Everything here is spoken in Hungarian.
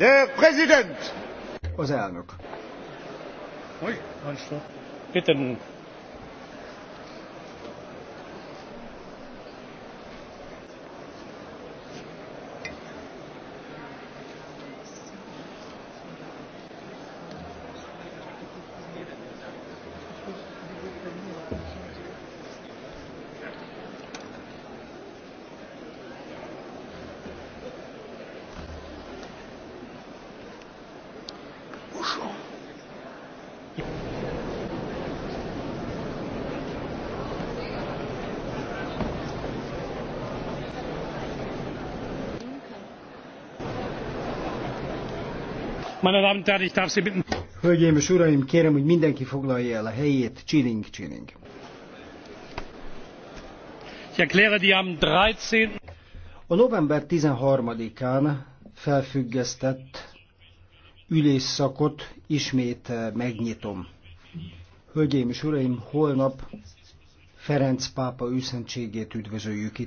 Der Präsident! Az elnök. Hogy? Hölgyeim és uraim, kérem, hogy mindenki foglalja el a helyét. Csiling, csiling. A november 13-án felfüggesztett ülésszakot ismét eh, megnyitom. Hölgyeim és uraim, holnap Ferenc pápa őszentségét üdvözöljük itt.